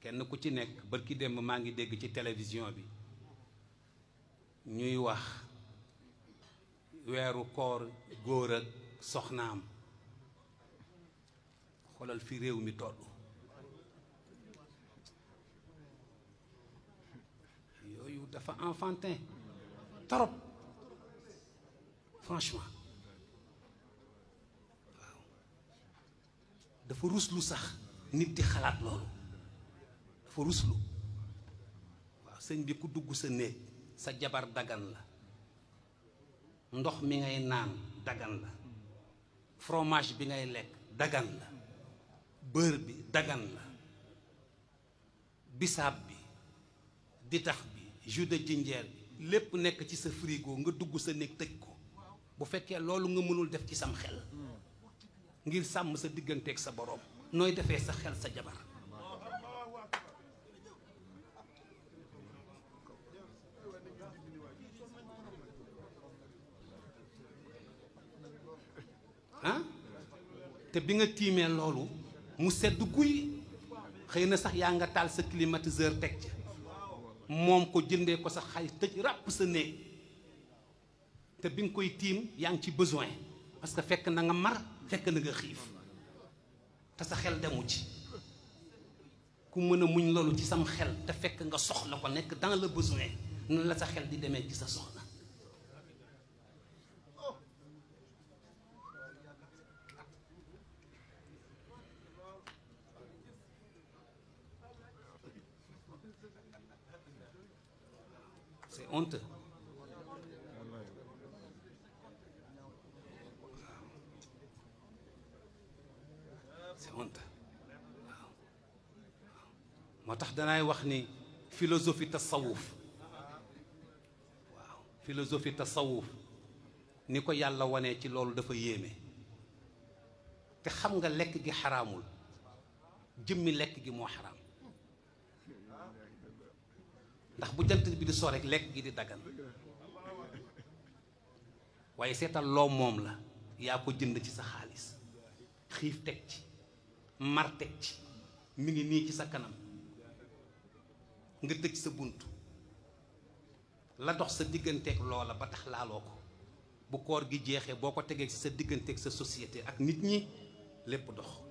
kenn ku ci nekk ki démb maa ngi dégg ci télévision bi ñuy wax weeru koor góor ak soxnaam xoolal fi réew mi toll yooyu dafa enfantin trop franchement waaw dafa ruslu sax nit di xalaat loolu dafa ruslu waaw sëñ bi ku dugg sa néeg sa jabar dagan la ndox mi ngay naan dagan la fromage bi ngay lekk dagan la beurre bi dagan la bisaab bi ditax bi jus de jinjeer bi lépp nekk ci sa frigo nga dugg sa néeg tëj ko bu fekkee loolu nga mënul def ci sam xel ngir sàmm sa digganteeg sa boroom nooy defee sa xel sa jabar ah te bi nga timé lolu mu sedd guuy xeyna sax ya nga tal sa climatiseur teg ca moom ko jëndee ko sax xaalis tëj rap sa né te bi nga koy tiim yaa ci besoin parce que fekk na nga mar fekk na nga xif ta sa xel demu ci ku meuna muñ lolu ci sam xel te fekk nga soxla ko nek dans le besoin nan la sa xel di démé ci sa soxla C'est honteux. C'est honteux. moo tax danaay wax ni philosophie tasawuf waaw philosophie tasawuf ni ko yàlla wane ci loolu dafa yéeme te xam nga lekk gi xaraamul jëmmi lekk gi moo xaraam ndax bu jant bi di so lekk gi di daggan waaye seetal loo moom la yaa ko jënd ci sa xaalis xiif teg ci mar teg ci mi ngi nii ci sa kanam nga tëj sa bunt la dox sa digganteek loola ba tax laaloo ko bu koor gi jeexee boo ko tegee ci sa digganteek sa société ak nit ñi lépp dox